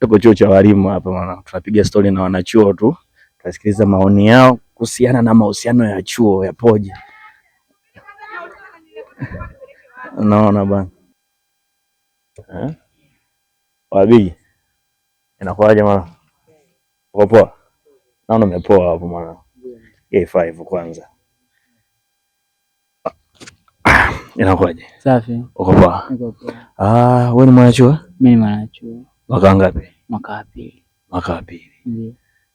Tuko chuo cha walimu hapa, tunapiga stori na wanachuo tu, tunasikiliza maoni yao kuhusiana na mahusiano ya chuo yapoje. Unaona bwana eh? Wabii, inakuwa jamaa, uko poa? Naona umepoa hapo mwana. A5 kwanza Inakuwaje? Safi. Uko poa? Niko poa. Ah, wewe ni mwanachuo? Mimi ni mwanachuo. Mwaka ngapi? Mwaka wa pili. Mwaka wa pili.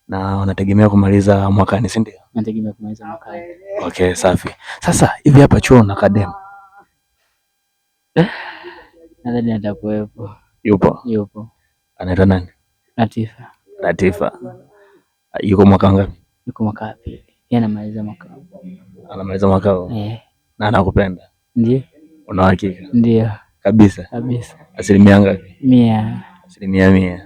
Na unategemea kumaliza mwakani, si ndio? Nategemea kumaliza mwakani. Okay, safi. Sasa hivi hapa chuo una kadem? Eh? Nadhani atakuwepo. Yupo? Yupo. Anaitwa nani? Latifa. Latifa. Yuko mwaka ngapi? Yuko mwaka wa pili. Yeye anamaliza mwaka. Anamaliza mwaka huu. Eh. Na anakupenda? Ndiyo. Una uhakika? Ndiyo. Kabisa? Kabisa. Asilimia ngapi? Mia. Asilimia mia.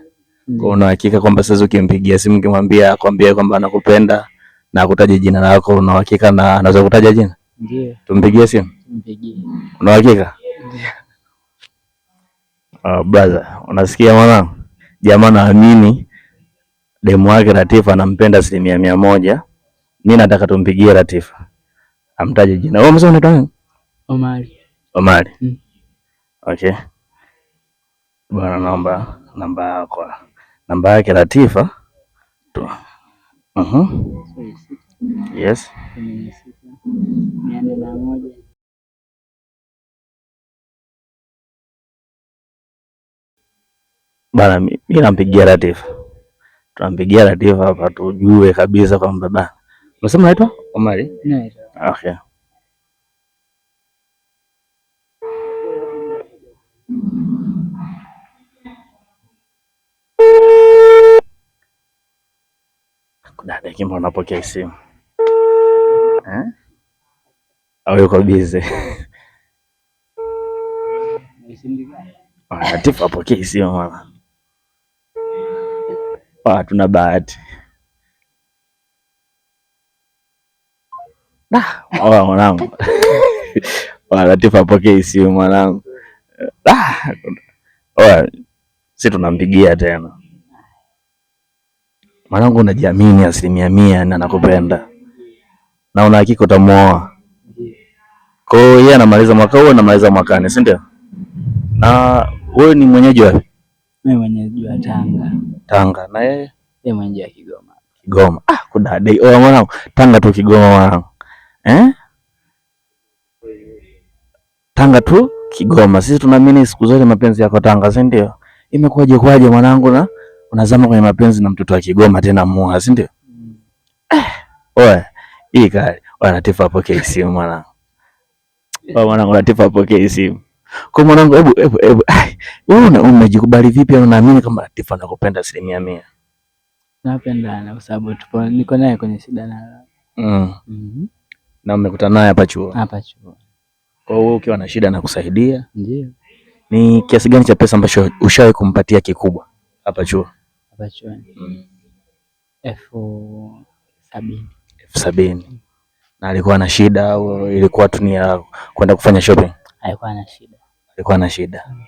Kwa una uhakika kwamba sasa ukimpigia simu ukimwambia akwambie kwamba anakupenda na akutaje jina lako, una uhakika na anaweza kutaja jina? Ndiyo. Tumpigie simu? Mpigie. Una uhakika? Ndiyo. Uh, ah, brother, unasikia mwanangu? Jamaa naamini demu wake Latifa anampenda asilimia mia moja. Mimi nataka tumpigie Latifa amtaje jina. Wewe mzee unaitwa nani? Omari. Omari. Mm. Okay. Bwana, naomba namba yako, namba yake Latifa tu. Mhm. Yes. bana mi nampigia Latifa, tunampigia Latifa hapa tujue kabisa kwamba bwana, unasema naitwa Omari? Okay. mbona unapokea simu eh? Au yuko bize? Tifu apokee simu mwana, ah, tuna bahati ah, mwanangu. Latifu apokee simu mwanangu, ah, si tunampigia tena Mwanangu, unajiamini asilimia mia na nakupenda na una hakika utamwoa. Kwa hiyo yeye anamaliza mwaka huu, anamaliza mwakani, si ndio? Na wewe ni mwenyeji wapi? Mimi mwenyeji wa Tanga. Tanga na yeye? Yeye mwenyeji wa Kigoma. Kigoma. Ah, kudadai. Oh, mwanangu, Tanga tu Kigoma mwanangu. Eh? Tanga tu Kigoma. Sisi tunaamini siku zote mapenzi yako Tanga, si ndio? Imekuwaje kwaje mwanangu na unazama kwenye mapenzi na mtoto wa Kigoma tena mua, si ndio? Mm. Eh. Oe, hii kali. Wanatifa apokee simu mwanangu. Eh. Oe, mwanangu Latifa apokee simu. Kwa mwanangu, hebu hebu hebu. Wewe umejikubali vipi au unaamini kama Latifa anakupenda asilimia mia? Napenda na kwa sababu tupo niko naye kwenye shida na. Mm. Mm-hmm. Na umekutana naye hapa chuo. Hapa chuo. Kwa hiyo ukiwa na shida na kusaidia. Ndiyo. Ni kiasi gani cha pesa ambacho ushawahi kumpatia kikubwa hapa chuo? Mm. elfu sabini elfu sabini na alikuwa na shida au ilikuwa tu ni ya kwenda kufanya shopping? Alikuwa na shida, alikuwa na shida mm.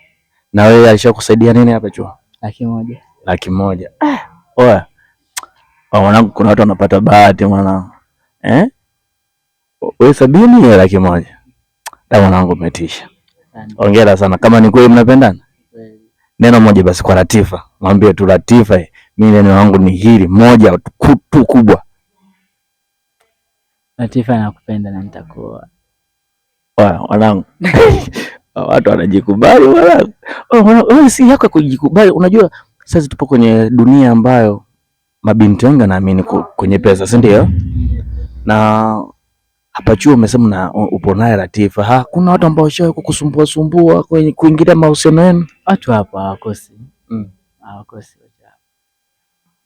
na wewe alishakusaidia nini hapa chuo? laki moja laki moja ah, oya ah, mwanangu, kuna watu wanapata bahati mwanangu eh? wewe sabini ya laki moja da mwanangu, umetisha. Hongera sana, kama ni kweli mnapendana neno moja basi kwa Latifa, mwambie tu Latifa, mimi neno langu ni hili moja tu kubwa. Latifa, nakupenda na nitakuoa. Wanangu watu wanajikubali, wanangu si yako kujikubali. Unajua sasa tupo kwenye dunia ambayo mabinti wengi anaamini kwenye pesa, si ndio? na hapa chuo umesema na uh, upo naye Latifa. Ha, kuna watu ambao washawahi kukusumbua sumbua kwenye kuingilia mahusiano yenu? Watu hapa hawakosi. Mm. Hawakosi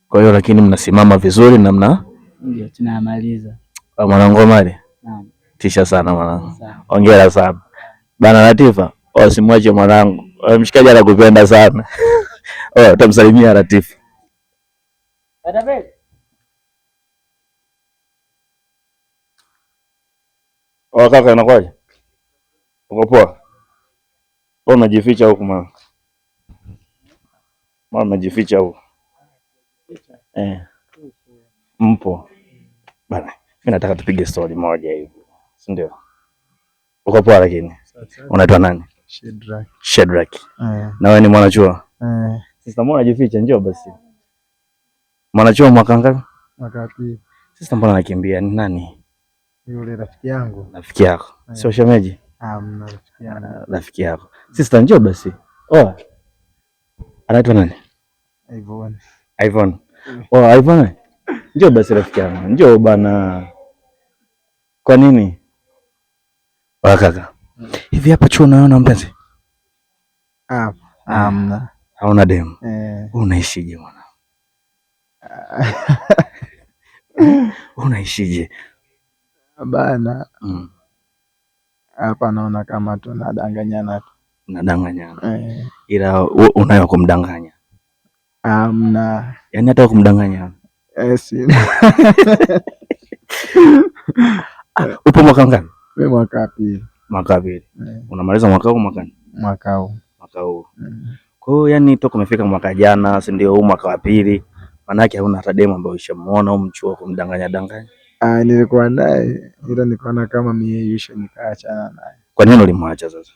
Kwa hiyo lakini mnasimama vizuri na mna ndio tunamaliza. Ah, mwanangu mali. Naam. Tisha sana mwanangu. Hongera sana. Bana Latifa, usimwache mwanangu. Mshikaji anakupenda sana. Oh, tamsalimia Latifa. Database. Oa kaka, inakwaje? Uko poa? Wewe unajificha huko mama. Mama unajificha huko. Eh. Mpo. Bana, mimi nataka tupige story moja hivi. Si ndio? Uko poa lakini? Unaitwa nani? Shedrack. Shedrack. Eh. Na wewe ni mwanachuo? Eh. Sasa mbona unajificha? Njoo basi. Mwanachuo mwaka ngapi? Mwaka pili. Sasa mbona nakimbia? Ni nani? Yule rafiki yangu. Rafiki yako. Eh. Sio shemeji? Ah, rafiki yangu. Ah, rafiki yako. Sister njoo basi. Oh. Anaitwa nani? Ivon. Ivon. Eh. Oh, Ivon. Njoo basi rafiki yangu. Njoo bana. Kwa nini? Wala kaka. Hivi hapa chuo unaona mpenzi? Ah, amna. Hauna demu. Eh. Unaishije mwana? Unaishije? Bana. Mm. Hapa naona kama tunadanganyana tu. Unadanganyana. Eh. Ila unayo kumdanganya. Amna. Um, yaani hata kumdanganya. Eh, Ah, upo mwaka ngapi? Mimi mwaka pili. Mwaka pili. Eh. Unamaliza mwaka huu mwakani? Mwaka huu. Mwaka huu. Mm. Kwa hiyo yani toka umefika mwaka jana, si ndio huu mwaka wa pili. Maana hauna hata demu ambayo ushamuona au mchuo kumdanganya danganya. Ah, nilikuwa naye ila nikaona kama mie yusho nikaachana naye. Kwa nini ulimwacha sasa?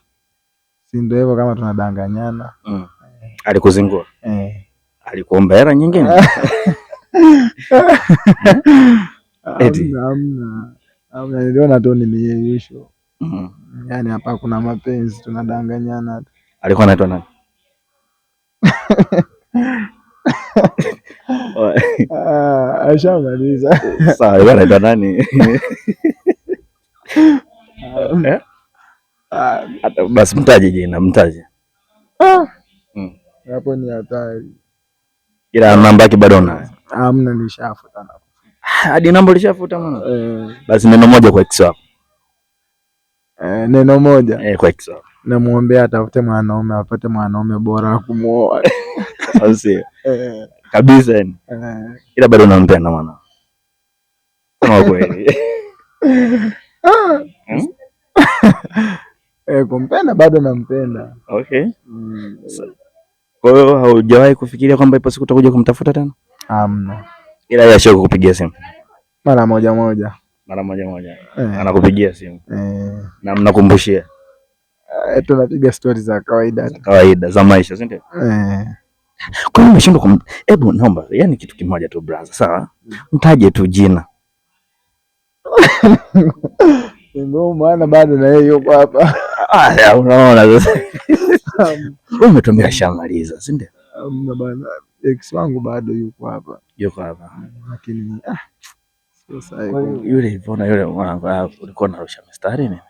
Si ndio hivyo, kama tunadanganyana. Mm. Alikuzingua eh? Alikuomba hela nyingine? Amna. Amna niliona tu ni mie yusho. Mm. Yaani hapa kuna mapenzi, tunadanganyana. Alikuwa anaitwa nani? Ah, ashamaliza. Sawa, yeye anaitwa nani? Eh? Ah. Basi mtaje jina, mtaje ah. hmm. hapo. Ni hatari, ila namba yake bado unayo? hamna, nishafuta hadi namba ulishafuta mwana. Eh. Basi neno moja kwa ex Eh, neno moja eh, kwa ex namwombea atafute mwanaume apate mwanaume bora kumuoa. kumwoa. kabisa yani, eh. ila bado nampenda mwana kama kweli ah. eh, kumpenda bado nampenda. Okay, mm. Kwa hiyo haujawahi kufikiria kwamba ipo siku utakuja kumtafuta tena? Hamna, ila yeye ashio kukupigia simu mara moja moja, mara moja moja eh, anakupigia simu eh, na mnakumbushia eh, tunapiga stori za kawaida kawaida za maisha, si ndio? eh kwa nini umeshindwa kum... Hebu naomba, yani kitu kimoja tu brother, sawa? Mtaje tu jina. Ndio maana bado na yeye yuko hapa. Ah, unaona sasa. Umetumia shamaliza, si ndio? Mna bwana, ex wangu bado yuko hapa. Yuko hapa. Lakini ah, sio sahihi. Yule ivona yule mwanangu hapo, ah, ulikuwa unarusha mistari nini?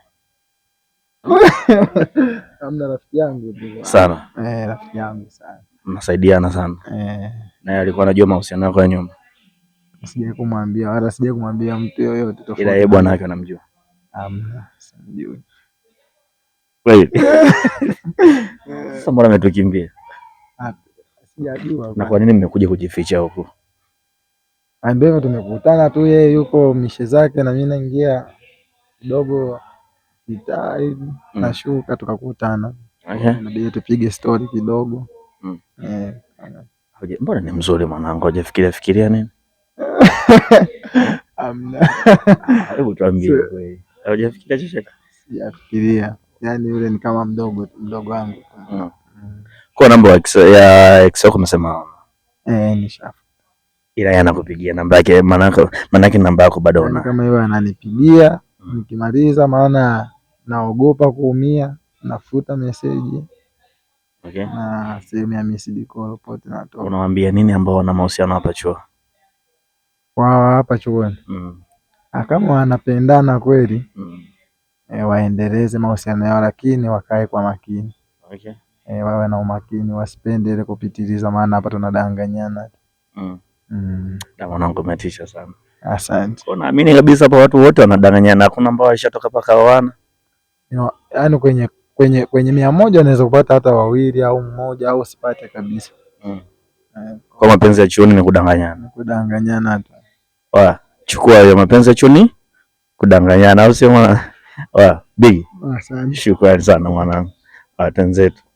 Amna rafiki yangu tu. Sana. Eh, rafiki yangu sana mnasaidiana sana eh. Naye alikuwa anajua mahusiano yako ya nyuma? Sijai kumwambia wala sijai kumwambia mtu yoyote tofauti, ila yeye bwana wake anamjua. Amna, Sasa mbona umetukimbia? Ah, sijajua. Na kwa nini mmekuja kujificha huku? Ambaye ah, tumekutana tu, yeye yuko mishe zake na mimi naingia kidogo kitaa hivi, mm. nashuka tukakutana, okay. Nabidi tupige stori kidogo Mm. Eh, mbona ni mzuri mwanangu, hajafikiria fikiria nini? Amna. Ah, hebu tuambie kweli. Hajafikiria chochote? Sijafikiria. yani yule ni kama mdogo mdogo wangu. Mm. mm. Kwa namba ya ex yako umesema? Eh, nishafu. Ila yeye anakupigia namba yake, maanake namba yako bado yaani una. Kama yeye ananipigia, mm. nikimaliza maana naogopa kuumia, nafuta meseji. Okay. Na sehemu ya Miss Unawaambia nini ambao wana mahusiano hapa chuo? Wao hapa chuoni. Mm. Ah, kama wanapendana kweli, mm. E, waendeleze mahusiano yao lakini wakae kwa makini. Okay. E, wawe na umakini wasipende ile kupitiliza, maana hapa tunadanganyana. Mm. Mm. Mwanangu umetisha sana. Asante. Naamini kabisa hapa watu wote wanadanganyana, hakuna ambao washatoka paka wana. Yaani kwenye kwenye kwenye mia moja unaweza kupata hata wawili au mmoja au usipate kabisa. Mm. kwa mapenzi ya chuoni ni kudanganyana. Kudanganyana hata. Wa, chukua hiyo mapenzi ya chuoni kudanganyana au sio mwana? Wa, big. Shukrani sana mwanangu. Ah,